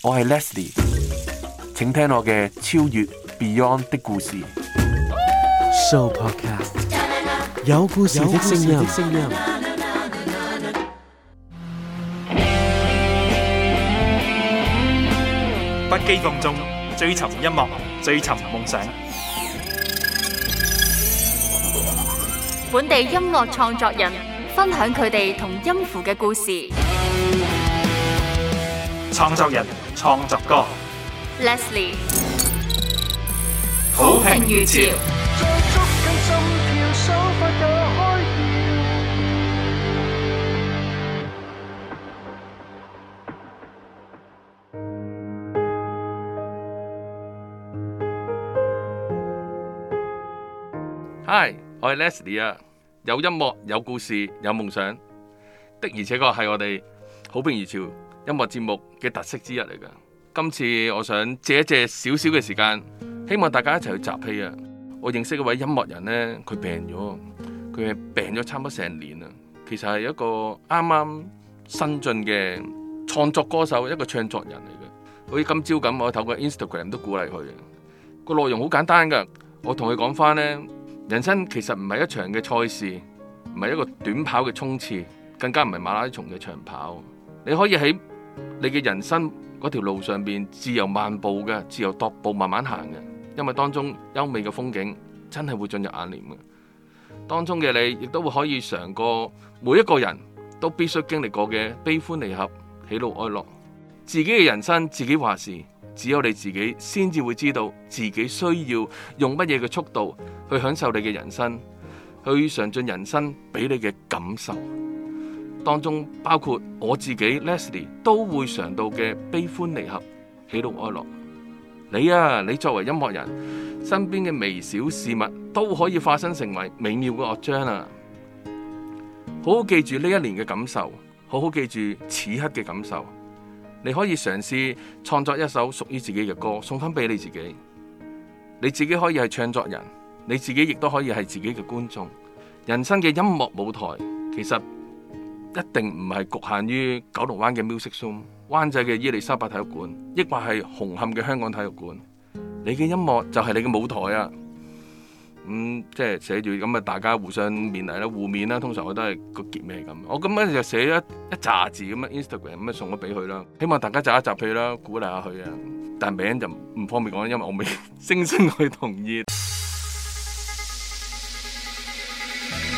我係 Leslie，請聽我嘅超越 Beyond 的故事。Show Podcast 有故事，有聲音，不羈放縱，追尋音樂，追尋夢想。本地音樂創作人分享佢哋同音符嘅故事，創作人。創作歌，Leslie，好評如潮。Hi，我係 Leslie 啊，有音樂、有故事、有夢想的而且確係我哋好評如潮。音樂節目嘅特色之一嚟㗎，今次我想借一借少少嘅時間，希望大家一齊去集氣啊！我認識一位音樂人咧，佢病咗，佢係病咗差唔多成年啊。其實係一個啱啱新進嘅創作歌手，一個唱作人嚟嘅。好似今朝咁，我透過 Instagram 都鼓勵佢嘅個內容好簡單㗎。我同佢講翻咧，人生其實唔係一場嘅賽事，唔係一個短跑嘅衝刺，更加唔係馬拉松嘅長跑。你可以喺你嘅人生嗰條路上邊自由漫步嘅，自由踱步慢慢行嘅，因為當中優美嘅風景真係會進入眼簾嘅。當中嘅你亦都會可以嘗過每一個人都必須經歷過嘅悲歡離合、喜怒哀樂。自己嘅人生自己話事，只有你自己先至會知道自己需要用乜嘢嘅速度去享受你嘅人生，去嘗盡人生俾你嘅感受。當中包括我自己 Leslie 都會嘗到嘅悲歡離合、喜怒哀樂。你呀、啊，你作為音樂人，身邊嘅微小事物都可以化身成為美妙嘅樂章啦、啊。好好記住呢一年嘅感受，好好記住此刻嘅感受。你可以嘗試創作一首屬於自己嘅歌，送翻俾你自己。你自己可以係唱作人，你自己亦都可以係自己嘅觀眾。人生嘅音樂舞台，其實。一定唔係侷限於九龍灣嘅 Music Room、灣仔嘅伊利沙伯體育館，抑或係紅磡嘅香港體育館。你嘅音樂就係你嘅舞台啊！咁即係寫住咁啊，大家互相勉勵啦、互勉啦。通常我都係個結尾咁，我咁樣就寫咗一紮字咁啊，Instagram 咁啊，送咗俾佢啦。希望大家集一集氣啦，鼓勵下佢啊！但名就唔方便講，因為我未聲聲佢同意。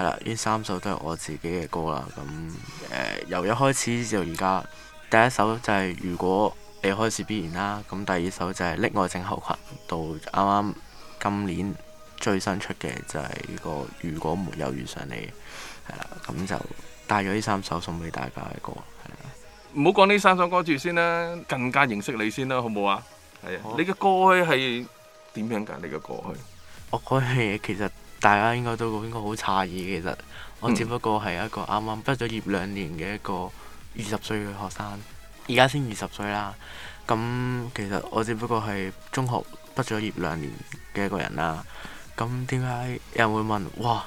係啦，呢三首都係我自己嘅歌啦。咁誒、呃，由一開始至到而家，第一首就係、是、如果你開始必然啦。咁第二首就係溺愛症候群，到啱啱今年最新出嘅就係、是、呢、這個如果沒有遇上你。係啦，咁就帶咗呢三首送俾大家嘅歌。係啦，唔好講呢三首歌住先啦，更加認識你先啦，好唔好啊？係啊我，你嘅過去係點樣嘅？你嘅過去，我過去其實。大家應該都應該好詫異，其實我只不過係一個啱啱畢咗業兩年嘅一個二十歲嘅學生，而家先二十歲啦。咁其實我只不過係中學畢咗業兩年嘅一個人啦。咁點解有人會問？哇！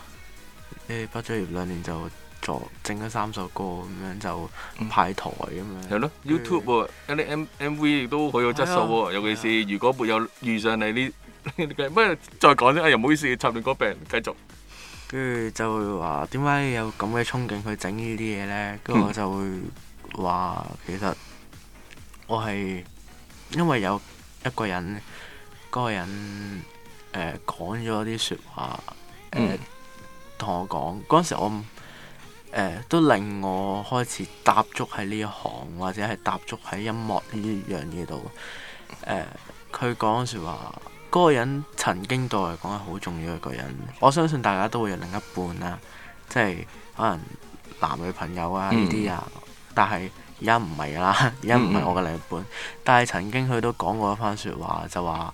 你畢咗業兩年就做，整咗三首歌咁樣就派台咁、嗯嗯、樣。係咯的後，YouTube 喎、啊，啲 M MV 亦都好有質素喎、啊，啊、尤其是如果沒有遇上你呢？唔係 再講啫，又、哎、唔好意思，插年哥病繼續。跟住就會話點解有咁嘅憧憬去整呢啲嘢咧？跟住、嗯、我就會話其實我係因為有一個人嗰、嗰個人誒、呃、講咗啲説話誒，同、呃嗯、我講嗰陣時我，我、呃、誒都令我開始踏足喺呢一行，或者係踏足喺音樂呢樣嘢度。誒、呃，佢講説話。嗰個人曾經對我嚟講係好重要一個人，我相信大家都會有另一半啦，即係可能男女朋友啊呢啲、嗯、啊，但係而家唔係啦，而家唔係我嘅另一半，嗯嗯，但係曾經佢都講過一番説話，就話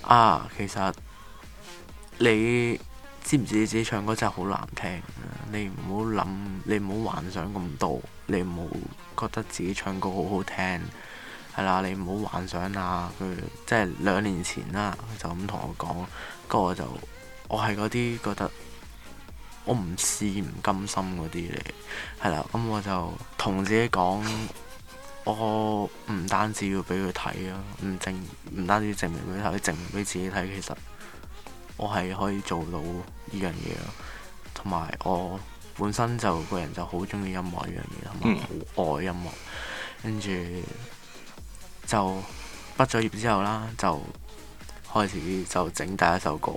啊其實你知唔知自己唱歌真係好難聽？你唔好諗，你唔好幻想咁多，你唔好覺得自己唱歌好好聽。係啦，你唔好幻想啊！佢即係兩年前啦，佢就咁同我講，跟住我就我係嗰啲覺得我唔試唔甘心嗰啲嚟，係啦，咁、嗯、我就同自己講，我唔單止要俾佢睇啊，唔證唔單止證明俾佢睇，證明俾自己睇，其實我係可以做到呢樣嘢咯。同埋我本身就個人就好中意音樂呢樣嘢，同埋好愛音樂，跟住。就畢咗業之後啦，就開始就整第一首歌，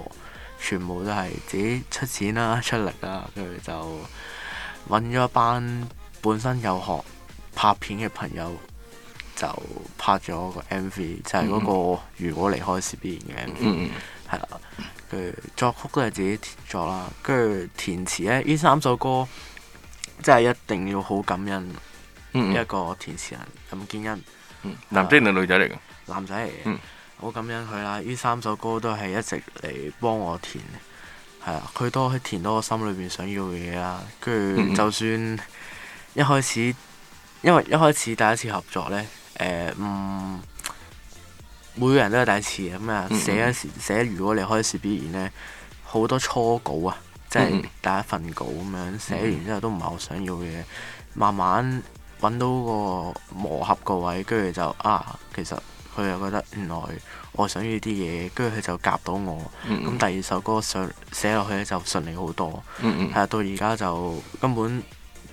全部都係自己出錢啦、出力啦，跟住就揾咗一班本身有學拍片嘅朋友，就拍咗個 MV，就係嗰、嗰個如果離開是必然嘅 MV，係啦、mm。跟住、hmm. 作曲都係自己作啦，跟住填詞呢，呢三首歌真係一定要好感恩一個填詞人林建欣。Mm hmm. 男仔定女仔嚟嘅？男仔。嚟嘅。好感恩佢啦！呢三首歌都係一直嚟幫我填，係啊，佢都填到我心裏邊想要嘅嘢啦。跟住、嗯嗯、就算一開始，因為一開始第一次合作呢，誒、呃，嗯，每個人都有第一次嘅咁啊。嗯嗯寫一時寫，如果你開始必然呢，好多初稿啊，即係第一份稿咁樣寫完之後都唔係我想要嘅嘢，慢慢。揾到個磨合個位，跟住就啊，其實佢又覺得原來我想要啲嘢，跟住佢就夾到我。咁、mm hmm. 第二首歌上寫落去咧就順利好多。係、mm hmm. 啊，到而家就根本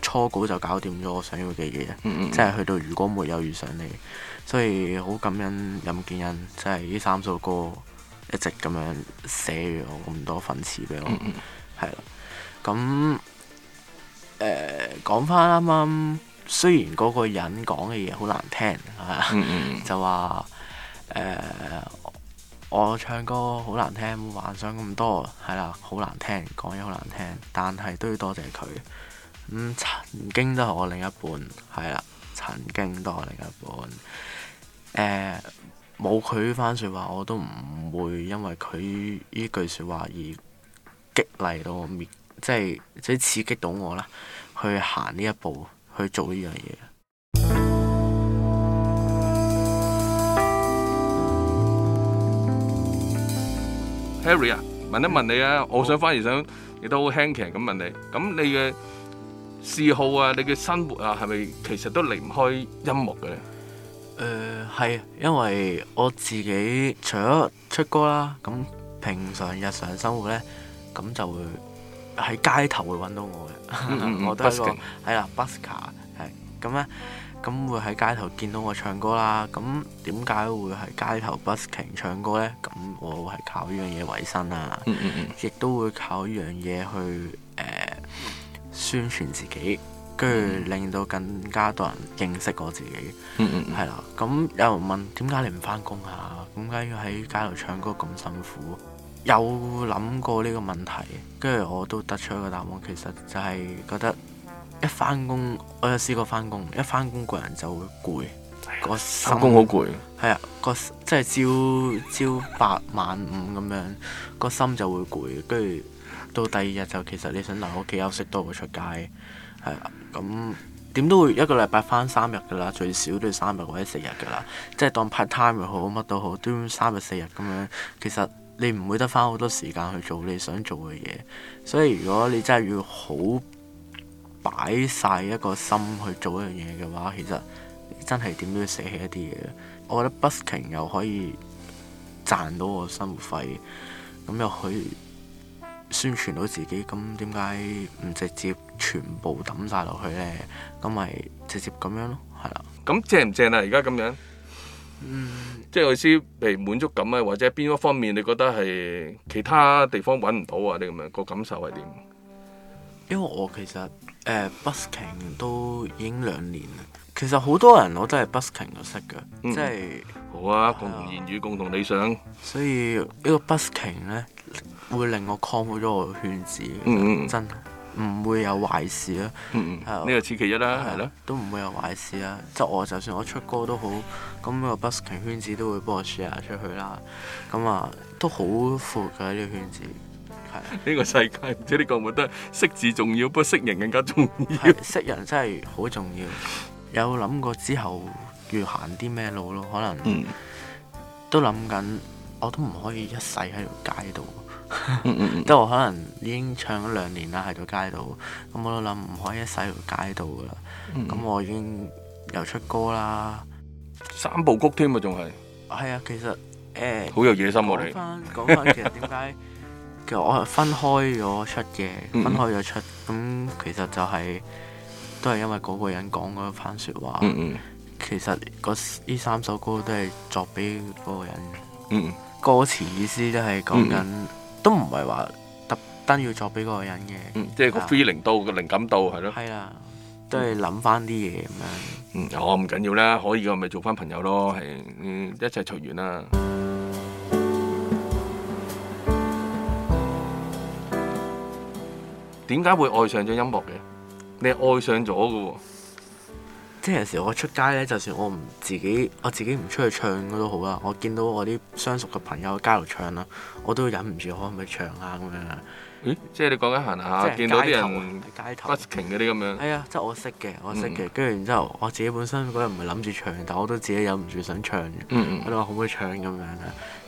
初稿就搞掂咗我想要嘅嘢。Mm hmm. 即係去到如果沒有遇上你，所以好感恩任建恩，即係呢三首歌一直咁樣寫咗咁多粉絲俾我。係啦、mm，咁誒講翻啱啱。雖然嗰個人講嘅嘢好難聽，係、mm hmm. 就話誒、呃、我唱歌好難聽，幻想咁多係啦，好難聽，講嘢好難聽，但係都要多謝佢。咁、嗯、曾經都係我另一半，係啦，曾經都係我另一半。誒、呃，冇佢呢番説話，我都唔會因為佢呢句説話而激勵到我即係即刺激到我啦，去行呢一步。去做呢樣嘢。Harry 啊，問一問你啊，嗯、我想反而想亦都好輕鬆咁問你，咁你嘅嗜好啊，你嘅生活啊，係咪其實都離唔開音樂嘅咧？誒、呃，係，因為我自己除咗出歌啦，咁平常日常生活咧，咁就會，喺街頭會揾到我嘅，mm mm, 我都係個係 Busking，啦 busker 係咁咧，咁會喺街頭見到我唱歌啦。咁點解會喺街頭 busking 唱歌呢？咁我係靠呢樣嘢為生啊，mm hmm. 亦都會靠呢樣嘢去、呃、宣傳自己，跟住令到更加多人認識我自己。嗯係、mm hmm. 啦。咁有人問點解你唔翻工啊？點解要喺街度唱歌咁辛苦？有諗過呢個問題，跟住我都得出一個答案。其實就係覺得一翻工，我有試過翻工，一翻工個人就會攰，個心好攰。係啊，個即係朝朝八晚五咁樣，個心就會攰。跟住到第二日就其實你想留屋企休息多過出街，係啊。咁點都會一個禮拜翻三日㗎啦，最少都要三日或者四日㗎啦。即係當 part time 又好，乜都好，都要三日四日咁樣。其實。你唔會得翻好多時間去做你想做嘅嘢，所以如果你真係要好擺晒一個心去做一樣嘢嘅話，其實你真係點都要捨棄一啲嘢。我覺得 busking 又可以賺到我生活費，咁又可以宣傳到自己，咁點解唔直接全部抌晒落去呢？咁咪直接咁樣咯，係啦。咁正唔正啊？而家咁樣？嗯，即係有意思，譬如滿足感啊，或者邊一方面你覺得係其他地方揾唔到啊？你咁樣個感受係點？因為我其實誒、呃、busking 都已經兩年啦。其實好多人我都係 busking 都識嘅，即係、嗯就是、好啊，共同言語，共同理想。啊、所以個呢個 busking 咧，會令我開闊咗我圈子。嗯嗯，真。唔會有壞事啦，呢、嗯嗯、個千其一啦，係咯的，的都唔會有壞事啦。即我的就算我出歌都好，咁個 busking 圈子都會幫我 share 出去啦。咁啊，都好闊嘅呢個圈子。係啊，呢個世界唔知你覺唔覺得，識字重要，不過識人更加重要。識人真係好重要。有諗過之後要行啲咩路咯？可能、嗯、都諗緊，我都唔可以一世喺條街度。即 係、嗯嗯、我可能已經唱咗兩年啦，喺個街度，咁我都諗唔可以一世喺條街度噶啦。咁、嗯、我已經又出歌啦，三部曲添啊，仲係。係啊，其實誒，好、呃、有野心我、啊、哋。講翻你 其實點解？其實我係分開咗出嘅，分開咗出。咁、嗯嗯、其實就係、是、都係因為嗰個人講嗰番說話。嗯嗯嗯，其實呢三首歌都係作俾嗰個人，嗯嗯，歌詞意思都係講緊。嗯嗯都唔係話特登要作俾嗰個人嘅，即係、嗯就是、個 feeling 度個靈感度係咯，係啦，都係諗翻啲嘢咁樣嗯要要。嗯，我唔緊要啦，可以嘅咪做翻朋友咯，係一齊隨緣啦。點解會愛上咗音樂嘅？你愛上咗嘅喎。即係有時候我出街咧，就算我唔自己，我自己唔出去唱都好啦。我見到我啲相熟嘅朋友喺街度唱啦，我都忍唔住，可唔可以唱啊？咁樣。誒，即係你講緊行下，即是見到啲人街頭嗰啲咁樣。係啊頭，即係頭、就是、我識嘅，我識嘅。跟住、嗯、然之後，我自己本身嗰日唔係諗住唱，但我都自己忍唔住想唱嗯嗯。我哋話可唔可以唱咁樣啊，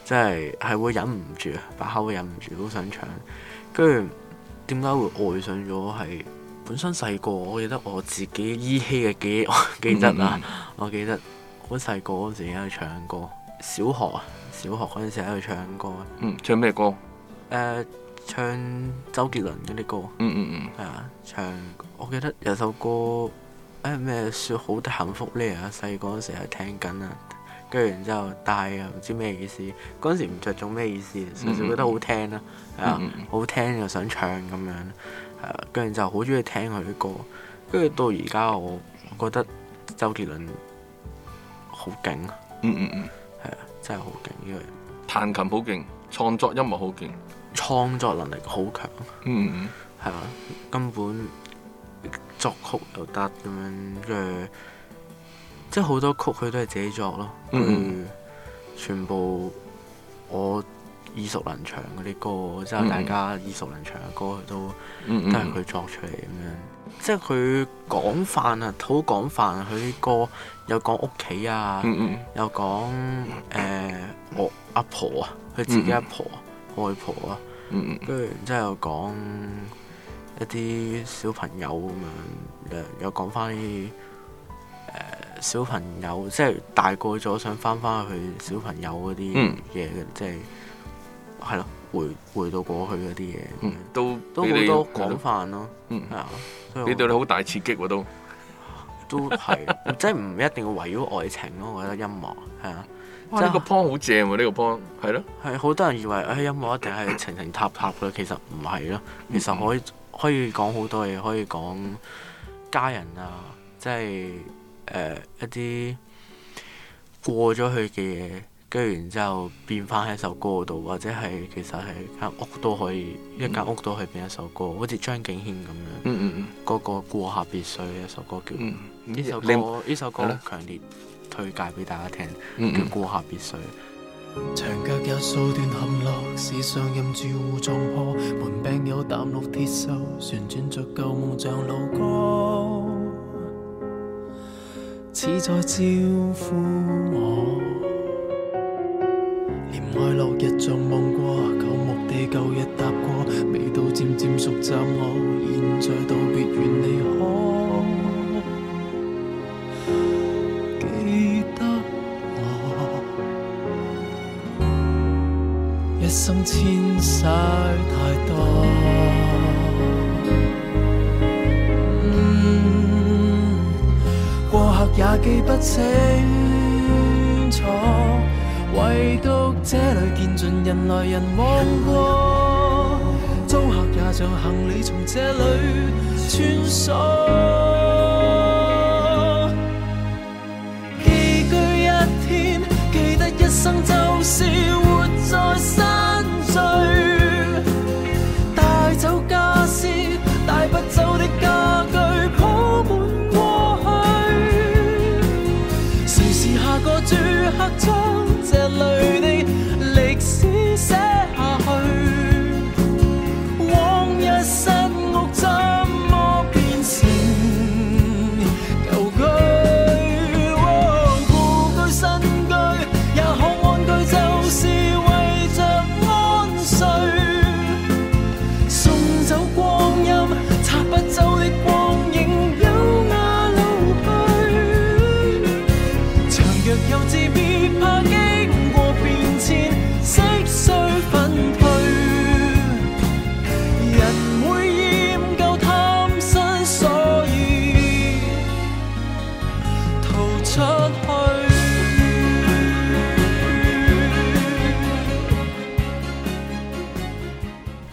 即係係會忍唔住，把口會忍唔住，好想唱。跟住點解會愛上咗係？本身細個，我記得我自己依稀嘅記記憶啦。 的 mm hmm. 我記得好細個，我自己喺度唱歌。小學，小學嗰陣時喺度唱歌。Mm hmm. 唱咩歌？誒、呃，唱周杰倫嗰啲歌。嗯嗯嗯，係、hmm. 啊，唱我記得有首歌，誒、哎、咩？説好幸福呢？啊，細個嗰陣時喺度聽緊啊，跟住然之後大又唔知咩意思。嗰陣時唔着做咩意思，純粹、mm hmm. 覺得好聽啦，係、mm hmm. 啊，好聽又想唱咁樣。係啦，跟住、啊、就好中意聽佢啲歌，跟住到而家我，我覺得周杰倫好勁，嗯嗯嗯，係啊，真係好勁，呢個彈琴好勁，創作音樂好勁，創作能力好強，嗯嗯係啊，根本作曲又得咁樣，即即係好多曲佢都係自己作咯，嗯，嗯，佢全部我耳熟能詳嗰啲歌，即係大家耳熟能詳嘅歌都都係佢作出嚟咁樣，嗯嗯、即係佢廣泛啊，好廣泛佢啲歌，又講屋企啊，又講誒我阿婆啊，佢自己阿婆外婆啊，跟住即係又講一啲小朋友咁樣，又又講翻啲誒小朋友，即係大個咗想翻翻去小朋友嗰啲嘢即係。係咯，回回到過去嗰啲嘢，都都好多廣泛咯。係啊，嗯、對了你對你好大刺激喎、啊，都都係是， 即係唔一定要圍繞愛情咯、啊。我覺得音樂係啊，哇即係呢個 point 好正喎，呢、這個 point 係咯，係好、啊、多人以為唉、哎、音樂一定係情情塔塔嘅，其實唔係咯，其實可以 可以講好多嘢，可以講家人啊，即係誒、呃、一啲過咗去嘅嘢。跟住，然之後變翻喺一首歌度，或者係其實係間屋都可以，一間屋都可以變一首歌，嗯、好似張敬軒咁樣。嗯嗯嗰、嗰個過客別墅一首歌叫。呢、嗯嗯、首歌呢你強烈推介俾大家聽，嗯、叫《過客別墅》。牆腳有數段陷落，史上任住戶撞破，門柄有淡綠鐵鏽，旋轉著舊夢像老歌，似在招呼我。憐愛落日像望過，舊木地舊日踏過，味道漸漸熟習，我現在道別，願你可記得我。一生遷徙太多，嗯、過客也記不清楚。唯獨這裏見盡人來人往過，租客也像行李從這裏穿梭。寄居一天，記得一生就是活在。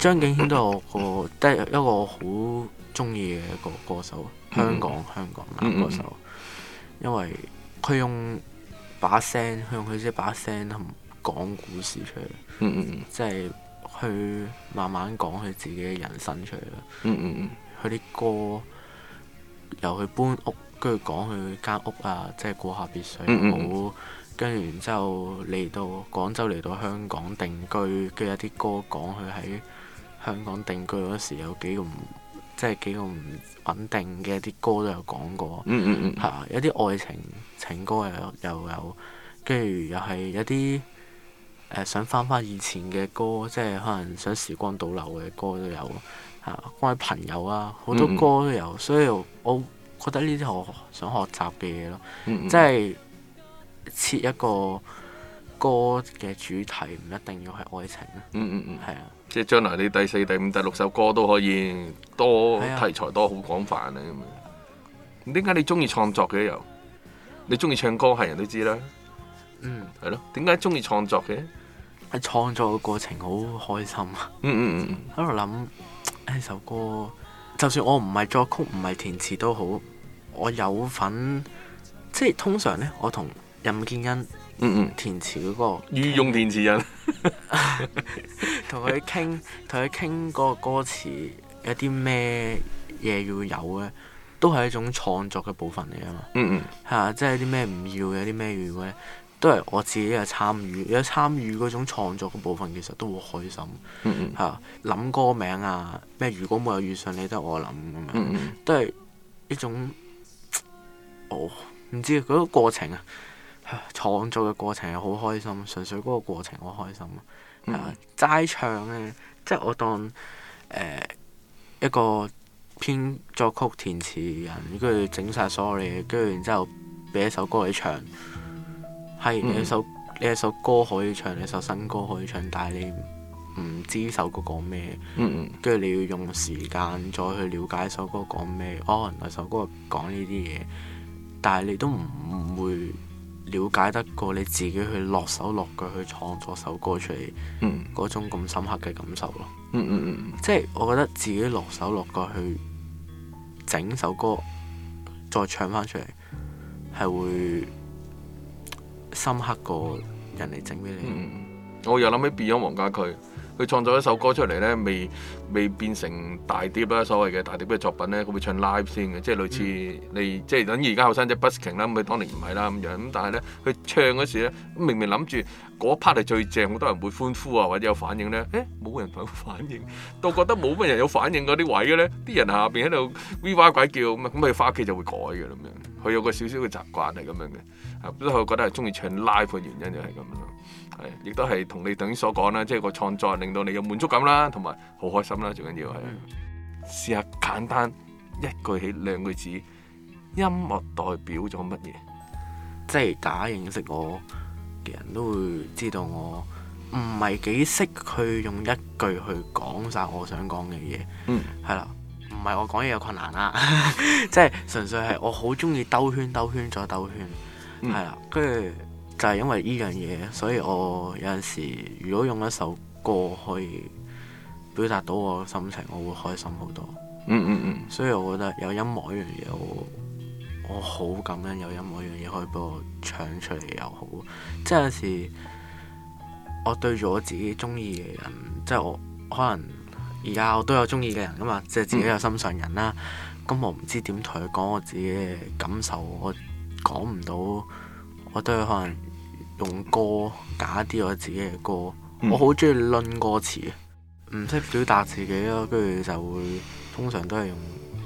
張敬軒都係我個，都係一個好中意嘅一個歌手，香港、嗯、香港男歌手。嗯嗯、因為佢用把聲，佢用佢自己把聲同講故事出嚟，即係去慢慢講佢自己嘅人生出嚟啦。佢啲、嗯嗯嗯、歌由佢搬屋，跟住講佢間屋啊，即、就、係、是、過下別墅好，跟住、嗯嗯嗯嗯、然之後嚟到廣州嚟到香港定居，跟住有啲歌講佢喺。香港定居嗰時有幾個唔即係幾個唔穩定嘅一啲歌都有講過，係、嗯嗯嗯、啊，有啲愛情情歌又有，跟住又係有啲誒想翻翻以前嘅歌，即係可能想時光倒流嘅歌都有，嚇、啊、關於朋友啊，好多歌都有，嗯嗯嗯，所以我覺得呢啲我想學習嘅嘢咯，嗯嗯嗯，即係設一個歌嘅主題唔一定要係愛情啊，嗯，嗯嗯嗯，係啊。即係將來你第四、第五、第六首歌都可以多題材多好廣泛啊！咁點解你中意創作嘅又？你中意唱歌係人都知啦。嗯，係咯。點解中意創作嘅？係創作嘅過程好開心啊！嗯嗯嗯喺度諗一首歌，就算我唔係作曲唔係填詞都好，我有份。即係通常咧，我同任建恩。嗯嗯，填詞嗰個御用填詞人，同佢傾，同佢傾嗰個歌詞有啲咩嘢要有咧，都係一種創作嘅部分嚟啊嘛。嗯嗯，嚇，即係啲咩唔要，有啲咩要咧，都係我自己嘅參與。有參與嗰種創作嘅部分，其實都好開心。嗯嗯，嚇，諗歌名啊，咩如果冇有遇上你都我諗咁樣。都係、嗯嗯、一種，我、哦、唔知嗰、嗰個過程啊。創作嘅過程係好開心，純粹嗰個過程好開心。齋、嗯啊、唱呢，即係我當誒、呃、一個編作曲、曲填詞人，跟住整晒所有嘢，跟住然之後俾一首歌你唱。係、嗯、你一首你一首歌可以唱，呢首新歌可以唱，但係你唔知首歌講咩，跟住、嗯、你要用時間再去了解首歌講咩。可能，呢首歌講呢啲嘢，但係你都唔會。了解得過你自己去落手落腳去創作首歌出嚟，嗰、嗯、種咁深刻嘅感受咯、嗯。嗯嗯嗯，即係我覺得自己落手落腳去整首歌，再唱翻出嚟，係會深刻過人嚟整俾你、嗯嗯。我又諗起 Beyond 黃家駒。佢創作一首歌出嚟咧，未未變成大碟啦，所謂嘅大碟嘅作品咧，佢會唱 live 先嘅，即係類似、嗯、你即係等於而家後生仔 busking 啦，咁佢當年唔係啦咁樣，咁但係咧，佢唱嗰時咧，明明諗住嗰 part 係最正，好多人會歡呼啊，或者有反應咧，誒冇人有反應，到覺得冇乜人有反應嗰啲位嘅咧，啲人下邊喺度哇哇鬼叫咁啊，咁佢翻屋企就會改嘅咁樣，佢有個少少嘅習慣係咁樣嘅，咁佢覺得係鍾意唱 live 嘅原因就係咁樣咯。亦都係同你頭先所講啦，即係個創作令到你有滿足感啦，同埋好開心啦，最緊要係試下簡單一句起兩句止，音樂代表咗乜嘢？即係假認識我嘅人都會知道我唔係幾識去用一句去講晒我想講嘅嘢。嗯、mm.，係啦，唔係我講嘢有困難啦， 即係純粹係我好中意兜圈兜圈再兜圈，係啦，跟住。Mm. 就係因為呢樣嘢，所以我有陣時如果用一首歌可以表達到我嘅心情，我會開心好多。嗯嗯嗯。Hmm. 所以我覺得有音樂呢樣嘢，我好感恩有音樂呢樣嘢可以幫我唱出嚟又好。即有時我對住我自己中意嘅人，即我可能而家我都有中意嘅人噶嘛，即自己有心上人啦。咁、mm hmm. 我唔知點同佢講我自己嘅感受，我講唔到，我對佢可能。用歌假啲我自己嘅歌，嗯、我好中意論歌詞唔識表達自己咯，跟住就會通常都係用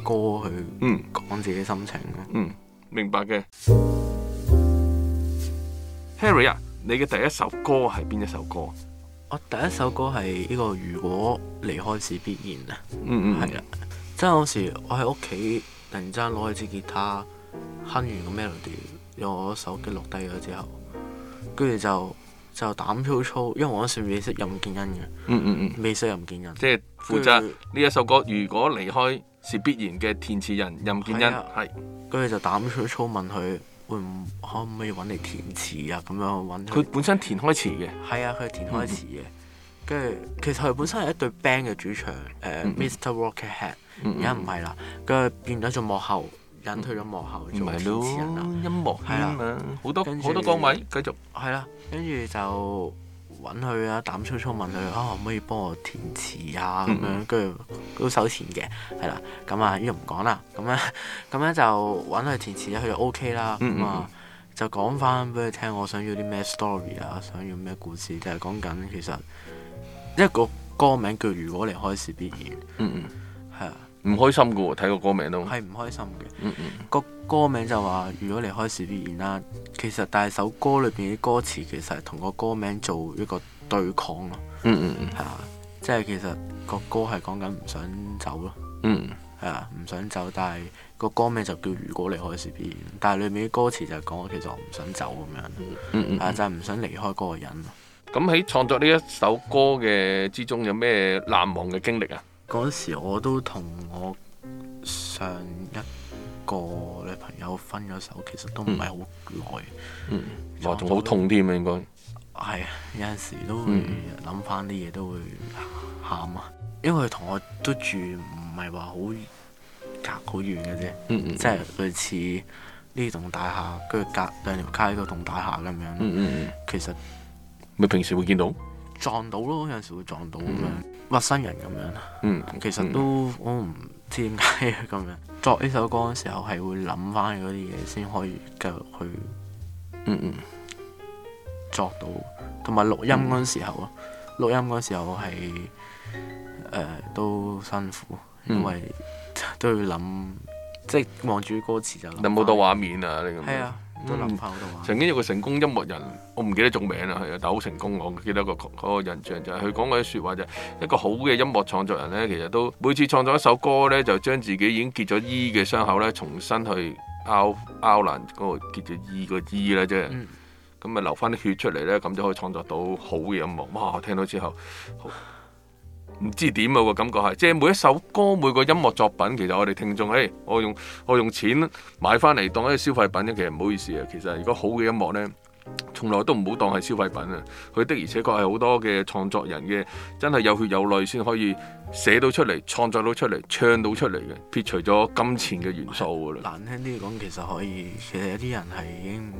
歌去講自己心情咯、嗯。嗯，明白嘅。Harry 啊，你嘅第一首歌係邊一首歌？我第一首歌係呢、這個如果離開是必然啊。嗯係、嗯、啊，真係有時我喺屋企突然之間攞起支吉他哼完個 melody，用我手機錄低咗之後。跟住就就膽粗粗，因為我嗰時未識任建恩嘅，嗯嗯嗯，未識任建恩。即係負責呢一首歌。如果離開是必然嘅填詞人任建恩，係、啊，跟住是就膽粗粗問佢，會唔可唔可以揾你填詞啊？咁樣揾佢本身填開詞嘅，係啊，佢填開詞嘅。跟住、嗯嗯、其實佢本身係一對 band 嘅主唱，誒、嗯嗯呃、Mr. Walker Hat，而家唔係啦，跟住變咗做幕後。隱退咗幕後做填詞人啦，音樂係啦，好多好多歌迷繼續係啦，跟住就揾佢啊，膽粗粗問佢啊，可唔可以幫我填詞啊咁、嗯、樣，跟住、嗯、都收錢嘅，係啦、嗯，咁啊呢度唔講啦，咁咧咁咧就揾佢填詞，佢就 OK 啦，咁啊、嗯嗯、就講翻俾佢聽，我想要啲咩 story 啊，想要咩故事，就係講緊其實一個歌名叫如果離開是必然。嗯嗯唔開心噶喎，睇個歌名都係唔開心嘅、嗯。嗯個歌名就話如果離開是必然啦，其實但係首歌裏邊啲歌詞其實係同個歌名做一個對抗咯。嗯嗯嗯，係啊，即係其實個歌係講緊唔想走咯。嗯，係啊，唔想、嗯、想走，但係個歌名就叫如果離開是必然，但係裏面啲歌詞就係講其實我唔想走咁樣，嗯嗯嗯、啊就係、是、唔想離開嗰個人。咁喺創作呢一首歌嘅之中有咩難忘嘅經歷啊？嗰時我都同我上一個女朋友分咗手，其實都唔係好耐，仲、嗯嗯、好痛添啊！應該係啊，有陣時都會諗翻啲嘢，嗯、都會喊啊！因為佢同我都住唔係話好隔好遠嘅啫，嗯嗯即係類似呢棟大廈，跟住隔兩條街嗰棟大廈咁樣。嗯嗯嗯、其實你平時會見到？撞到咯，有時會撞到咁、嗯、樣，陌生人咁樣。嗯，其實都我唔知點解咁樣。作呢首歌嘅時候係會諗翻嗰啲嘢，先可以繼續去嗯嗯作到。同埋、嗯嗯、錄音嗰陣時候啊，嗯、錄音嗰陣時候係誒、呃、都辛苦，因為、嗯、都要諗，即係望住啲歌詞就諗。諗唔到畫面啊，呢咁樣、啊。嗯、曾經有個成功音樂人，我唔記得咗名啦，係啊，但係好成功。我記得、嗰個嗰印象就係佢講嗰啲説話就係、係、一個好嘅音樂創作人咧，其實都每次創作一首歌咧，就將自己已經結咗醫嘅傷口咧，重新去拗拗爛嗰個結咗醫個醫啦啫。咁啊、嗯，流返啲血出嚟咧，咁就可以創作到好嘅音樂。哇！我聽到之後。好唔知點啊喎，個感覺係即係每一首歌每個音樂作品，其實我哋聽眾，誒，我用我用錢買翻嚟當一個消費品咧，其實唔好意思啊。其實如果好嘅音樂咧，從來都唔好當係消費品啊。佢的而且確係好多嘅創作人嘅真係有血有淚先可以寫到出嚟、創作到出嚟、唱到出嚟嘅，撇除咗金錢嘅元素㗎啦。難聽啲講，其實可以，其實有啲人係已經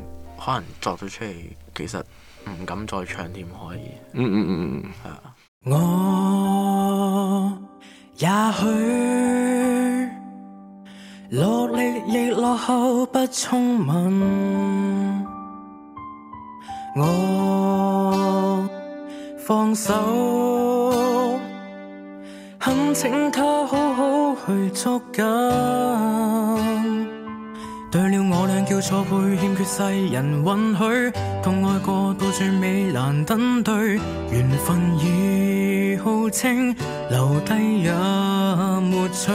可能作到出嚟，其實唔敢再唱添。可以？嗯嗯嗯嗯嗯，係啊。我也許落力亦落後不聰明。我放手，懇請他好好去捉緊。對了我倆，我倆叫錯配，欠缺世人允許，共愛過到最美難登對，緣分已耗清，留低也沒趣，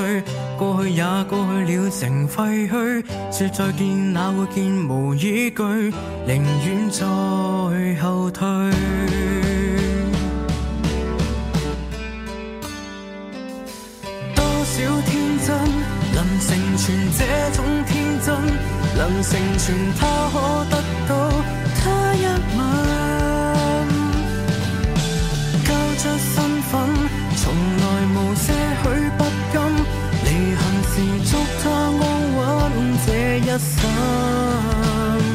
過去也過去了成廢墟，說再見那會見無依據，寧願再後退。多少天真能成全這種？能成全他，可得到他一吻。交出身份，從來無些許不甘。離行時，祝他安穩這一生。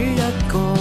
一個。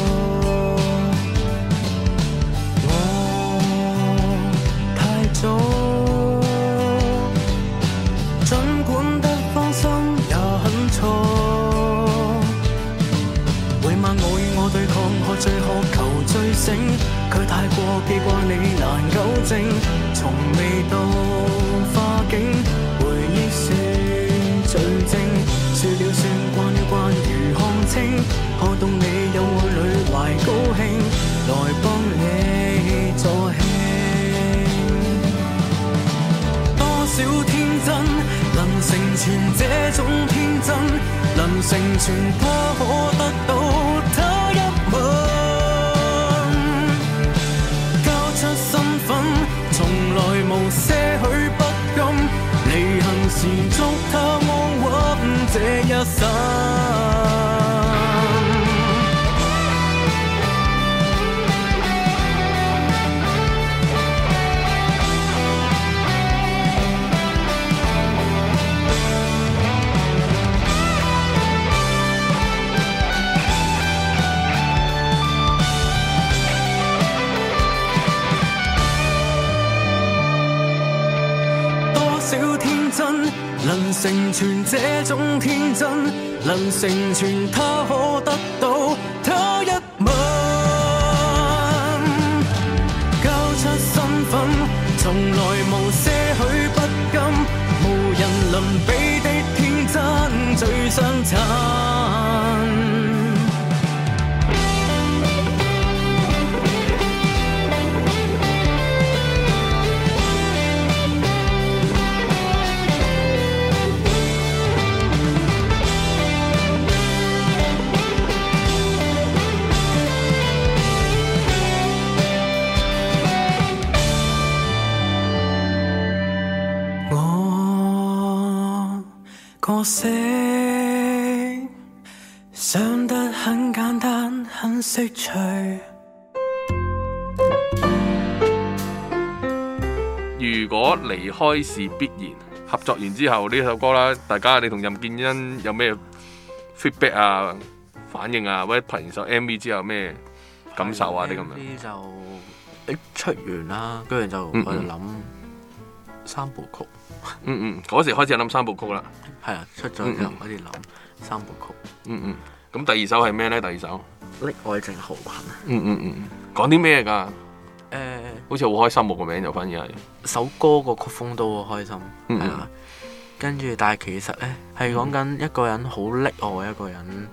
離開是必然，合作完之後呢首歌啦，大家你同任建恩有咩 feedback 啊、反應啊，或者拍完首 MV 之後咩感受啊啲咁樣？啲就搦出完啦，跟住、嗯嗯、就我就諗三部曲。嗯嗯，嗰、嗯、時開始諗三部曲啦。係啊、嗯嗯，出咗之後開始諗三部曲。嗯嗯，咁、嗯嗯、第二首係咩咧？第二首《溺愛症候群》。嗯嗯嗯，講啲咩噶？嗯誒，呃、好似好開心，個名就反而係首歌個曲風都好開心，係啦、嗯嗯。跟住，但係其實呢，係講緊一個人好溺愛一個人，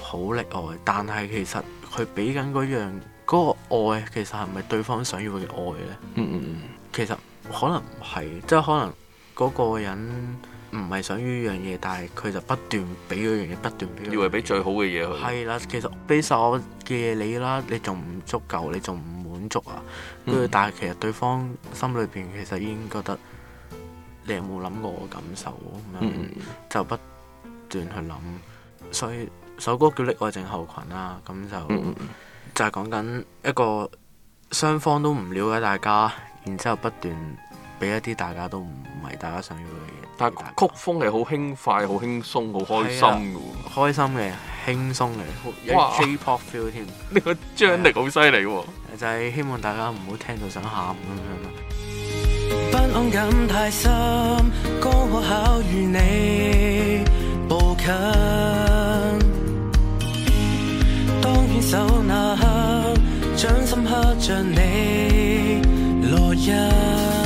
好溺愛。但係其實佢俾緊嗰樣嗰、嗰個愛，其實係咪對方想要嘅愛呢？嗯嗯，其實可能唔係即係可能嗰個人唔係想要樣嘢，但係佢就不斷俾嗰樣嘢，不斷以為俾最好嘅嘢佢，係啦。其實俾晒我嘅嘢，你啦，你仲唔足夠？你仲唔？足啊，跟住、嗯、但係其實對方心裏邊其實已經覺得，你有冇諗過我感受咁樣，就不斷去諗，所以首歌叫《溺愛症候群》啦、啊，咁就、嗯、就係講緊一個雙方都唔了解大家，然之後不斷。俾一啲大家都唔係大家想要嘅嘢，但係曲風係好輕快、好輕鬆、好開心嘅，開心嘅、輕鬆嘅，有 J-pop feel 添。呢個張力好犀利喎！就係希望大家唔好聽到想喊咁樣。不恐懼太深，剛好巧與你步近。當牽手那刻，掌心刻著你烙印。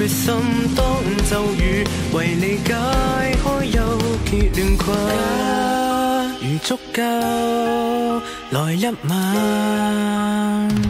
決心當咒語，為你解開糾結亂困。假 如足夠，來一晚。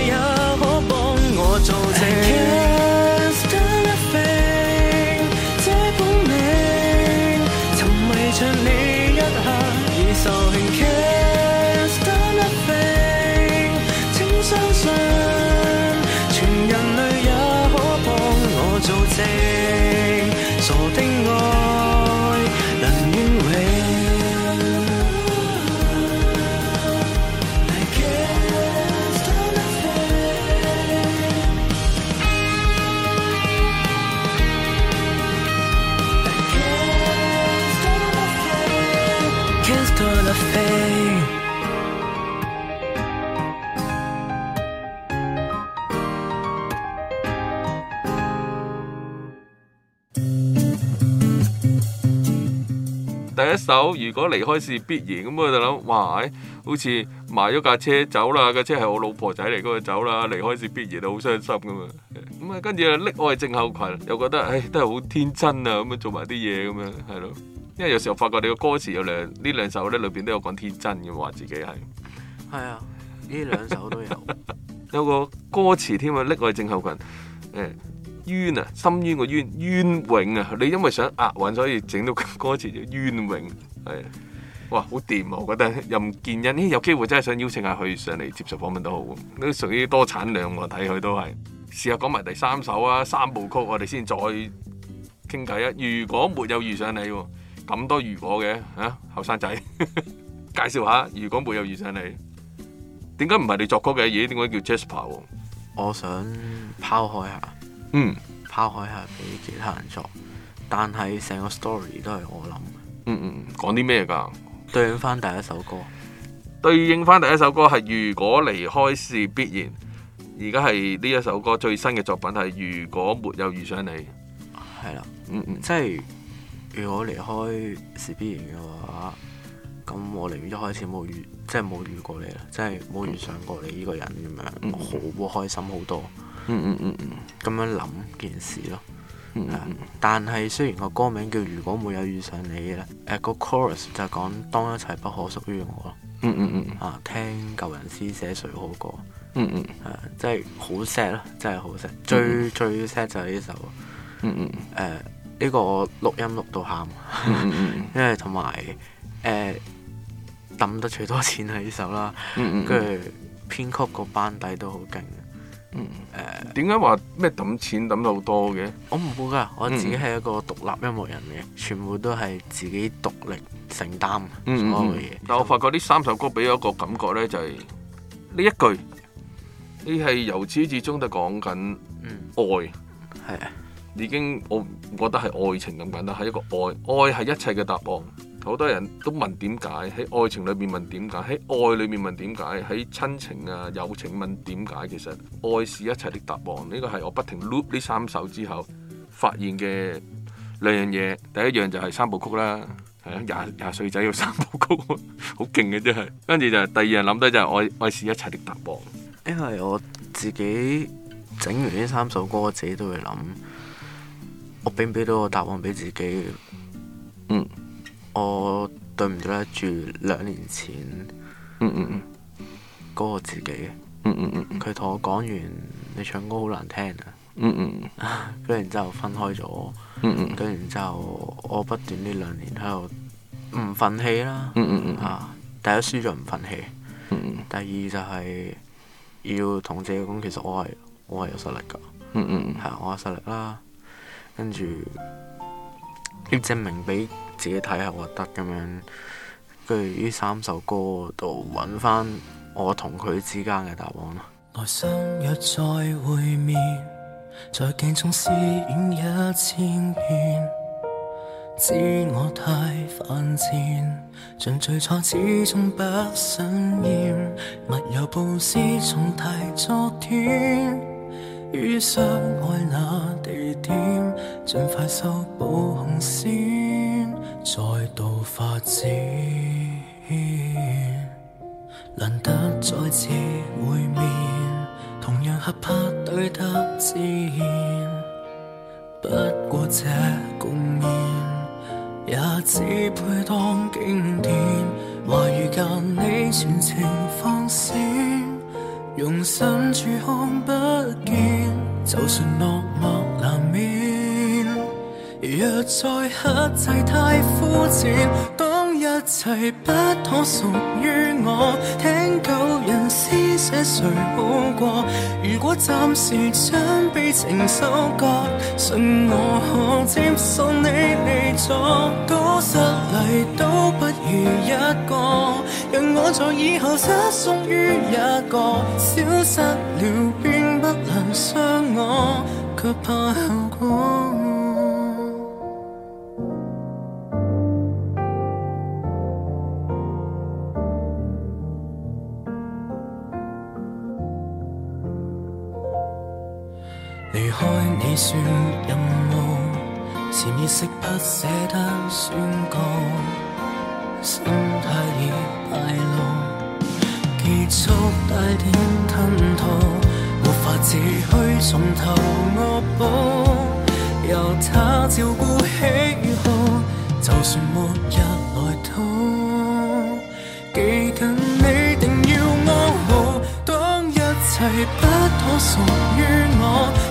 第一首如果離開是必然咁我就諗哇，好似賣咗架車走啦，架車係我老婆仔嚟嗰去走啦，離開是必然啊，好傷心咁啊。咁啊，跟住啊，溺愛症候群，又覺得唉，都係好天真啊，咁啊，做埋啲嘢咁啊，係咯。因為有時候發覺你個歌詞有兩呢兩首咧，裏邊都有講天真嘅話自己係。係啊，呢兩首都有。有個歌詞添啊，溺愛症候群。哎冤啊，深淵個冤，冤枉啊！你因為想押韻，所以整到歌詞叫冤枉，係哇，好掂啊！我覺得任劍因呢，有機會真係想邀請下佢上嚟接受訪問都好，都屬於多產量，啊，我睇佢都係。試下講埋第三首啊，三部曲，我哋先再傾偈啊！如果沒有遇上你，咁多如果嘅吓，後生仔介紹下，如果沒有遇上你，點解唔係你作曲嘅嘢？點解叫 Jasper？我想拋開下。嗯，拋開下俾其他人作，但係成個 story 都係我諗、嗯。嗯嗯，講啲咩㗎？對應翻第一首歌，對應翻第一首歌係如果離開是必然。而家係呢一首歌最新嘅作品係如果沒有遇上你。係啦，了嗯即係如果離開是必然嘅話，咁我寧願一開始冇遇，即係冇遇過你啦，即係冇遇上過你呢個人咁樣，嗯、我好開心好多。嗯嗯嗯咁樣諗件事咯，但係い雖然個歌名叫如果沒有遇上你咧，誒個 chorus 就講、是、當一切不可屬於我咯，嗯嗯嗯啊，聽舊人詩寫誰好過，嗯嗯，即係好 sad 咯，真係好 sad，, pudding, 真 sad、嗯、最最 sad 就係呢首，誒呢、嗯嗯 uh, 個錄音錄 到喊，因為同埋誒抌得最多錢係呢首啦，跟住編曲個班底都好勁。嗯誒，點解話咩抌錢抌到多嘅？我唔會㗎，我自己係一個獨立音樂人嘅，嗯、全部都係自己獨立承擔所有嘢。但我發覺呢三首歌俾我一個感覺咧，就係、是、呢一句，你係由始至終都講緊愛，係啊、嗯，已經我覺得係愛情咁簡單，係一個愛，愛係一切嘅答案。好多人都問，點解？喺愛情裏面問點解？喺愛裏面問點解？喺親情啊、友情問點解？其實愛是一切的答案。呢個係我不停 loop 呢三首之後發現嘅兩樣嘢。第一樣就係三部曲啦，係啊，廿廿歲仔嘅三部曲，好勁嘅真係。跟住就係第二樣諗低就係愛，愛是一切的答案。因為我自己整完呢三首歌，我自己都會諗，我俾唔俾到個答案俾自己。嗯。我對唔對得住兩年前，嗰、嗯嗯、個自己嘅，佢同、嗯嗯嗯、我講完你唱歌好難聽啊，嗯嗯跟 然之後分開咗，嗯嗯，跟然之後我不斷呢兩年喺度唔忿氣啦，嗯，嗯，嗯、啊、第一輸咗唔忿氣，嗯嗯嗯第二就係要同自己講，其實我係我係有實力噶，係、嗯嗯、我有實力啦，跟住。要證明畀自己睇下，我得咁樣，跟住呢三首歌度揾翻我同佢之間嘅答案咯。於相愛那地點，盡快修補紅線，再度發展，難得再次會面，同樣合拍對得自然，不過這共演，也只配當經典，話如今你全情放肆。用身處看不見，就算落寞難免。若再克制太膚淺，當一切不妥屬於我，聽舊人施捨，誰好過？如果暫時將悲情收割，信我可接受你離座，多失禮都不如一個，讓我在以後失屬於一個，消失了並不能傷我，卻怕後果。說任務，潛意識不捨得宣告，心態已敗露，結束帶點吞吐，無法自去。從頭惡補，由他照顧喜好，就算末日來到，記緊你定要安好，當一切不妥屬於我。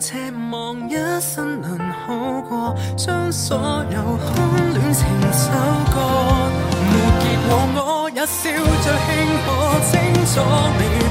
奢望一生能好過，將所有空戀情收割，沒結果我也笑着輕過，清楚你。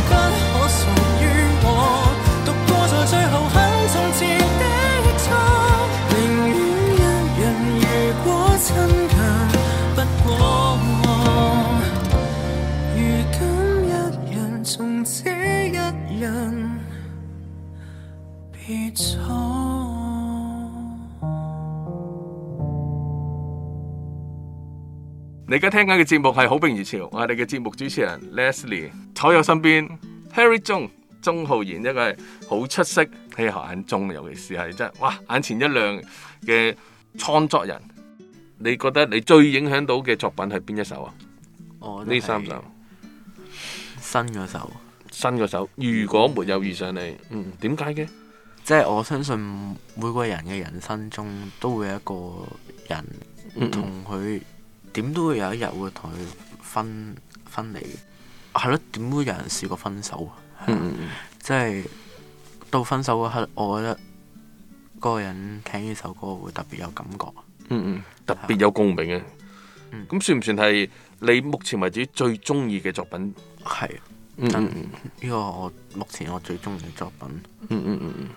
你而家聽緊嘅節目係好評如潮，我哋嘅節目主持人 Leslie 坐喺我身邊，Harry 鍾鍾浩然一個係好出色，氣候眼中，尤其是係真哇眼前一亮嘅創作人。你覺得你最影響到嘅作品係邊一首啊？哦，呢三首新嗰首，新嗰首。如果沒有遇上你，嗯，點解嘅？即係我相信每個人嘅人生中都會有一個人同佢點都會有一日會同佢分分離係咯點都會有人試過分手，嗯嗯、即係到分手嗰刻，我覺得嗰個人聽呢首歌會特別有感覺，嗯,嗯特別有共鳴嘅，咁的、嗯、算唔算係你目前為止最中意嘅作品？係，呢個我目前我最中意嘅作品，嗯嗯嗯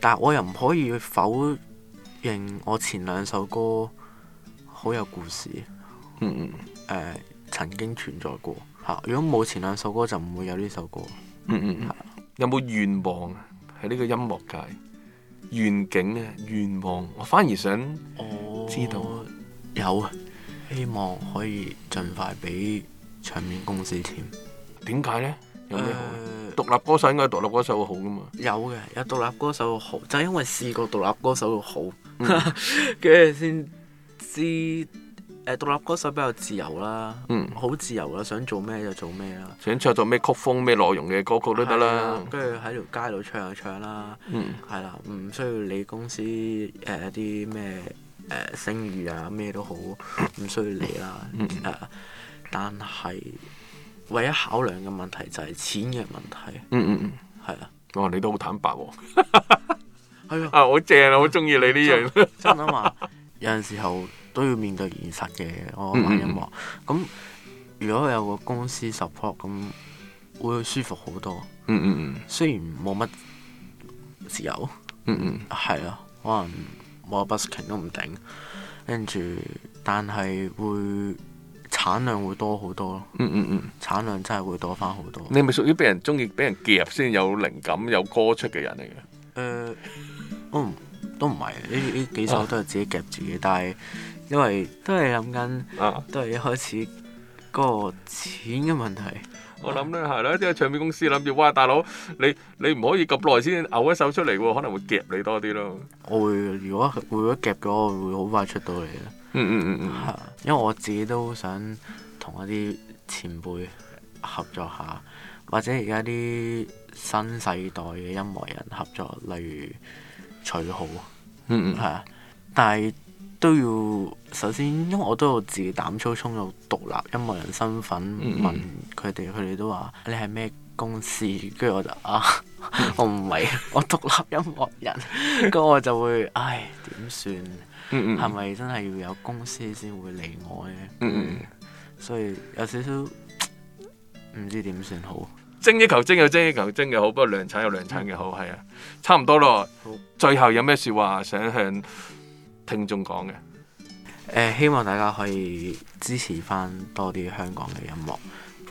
但我又唔可以否認我前兩首歌好有故事，嗯，嗯、呃、曾經存在過吓，如果冇前兩首歌就唔會有呢首歌，有冇願、嗯嗯嗯、望喺呢個音樂界願景咧？願望我反而想知道我有啊，希望可以盡快俾唱片公司添。點解呢？有咩好？呃獨立歌手應該獨立歌手會好㗎嘛？有嘅，有獨立歌手會好，就係、是、因為試過獨立歌手會好，跟住先知誒、呃、獨立歌手比較自由啦。好、嗯、自由啦，想做咩就做咩啦。想唱作咩曲風、咩、啊、內容嘅歌曲都得啦。跟住喺條街度唱就唱啦。嗯，係啦、啊，唔需要你公司一啲咩誒聲譽啊咩都好，唔需要你啦。嗯、啊、但係。唯一考量嘅問題就係錢嘅問題。嗯嗯嗯，係啊。哇，你都好坦白喎。係啊，啊好正啊，好中意你呢樣。真心話，有陣時候都要面對現實嘅。我玩音樂，咁、嗯嗯嗯、如果有個公司 support，咁會舒服好多。嗯嗯嗯嗯，雖然冇乜自由。嗯嗯嗯，係啊，可能冇 busking 都唔定。跟住，但係會。產量會多好多咯、嗯，嗯嗯嗯，產量真係會多翻好多。你係咪屬於俾人中意、俾人夾先有靈感、有歌出嘅人嚟嘅？誒、呃，我唔都唔係，呢呢幾首都係自己夾住嘅。啊、但係因為都係諗緊，啊、都係一開始嗰個錢嘅問題。我諗咧係啦，啲唱片公司諗住，哇，大佬你你唔可以咁耐先嘔一首出嚟喎，可能會夾你多啲咯我。我會，如果會，如果夾嘅，我會好快出到嚟。嗯嗯嗯嗯，係啊，因為我自己都想同一啲前輩合作下，或者而家啲新世代嘅音樂人合作，例如徐浩，嗯嗯，係啊，但係都要首先，因為我都有自己膽粗粗，充到獨立音樂人身份問佢哋，佢哋都話你係咩公司？跟住我就啊， 我唔係，我獨立音樂人，咁 我就會唉點算？嗯係咪真係要有公司先會理我呢？嗯、mm hmm. 所以有少少唔知點算好。精益求精有精益求精嘅好，不過量產有量產嘅好，係啊，差唔多咯。好最後有咩說話想向聽眾講嘅？誒、呃，希望大家可以支持翻多啲香港嘅音樂，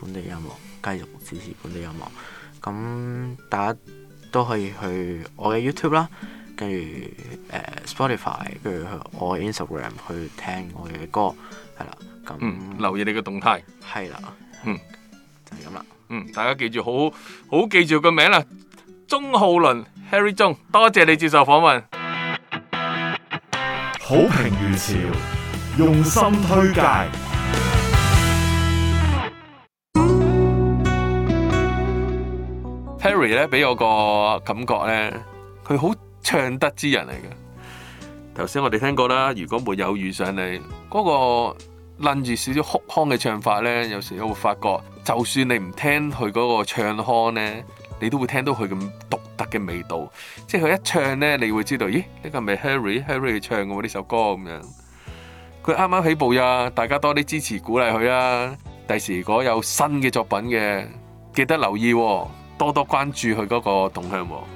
本地音樂繼續支持本地音樂。咁大家都可以去我嘅 YouTube 啦。跟住誒、呃、Spotify，跟住去我 Instagram 去聽我嘅歌，係啦，咁、嗯、留意你嘅動態，係啦了，嗯，就係咁啦，嗯，大家記住，好好記住個名啦，鍾浩倫 Harry 鍾，多謝你接受訪問，好評如潮，用心推介 Harry 咧，俾 我個感覺咧，佢好。唱得之人嚟嘅，頭先我哋聽過啦。如果沒有遇上你，嗰個拎住少少哭腔嘅唱法呢，有時我會發覺，就算你唔聽佢嗰個唱腔呢，你都會聽到佢咁獨特嘅味道。即係佢一唱呢，你會知道，咦，呢個係咪 Harry Harry 唱嘅呢首歌咁樣？佢啱啱起步呀，大家多啲支持鼓勵佢啊！第時如果有新嘅作品嘅，記得留意喎，多多關注佢嗰個動向喎。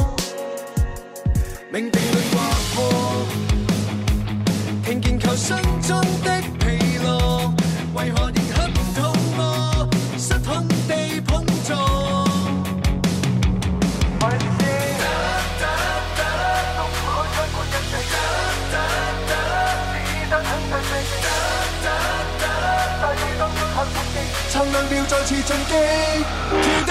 再次進擊。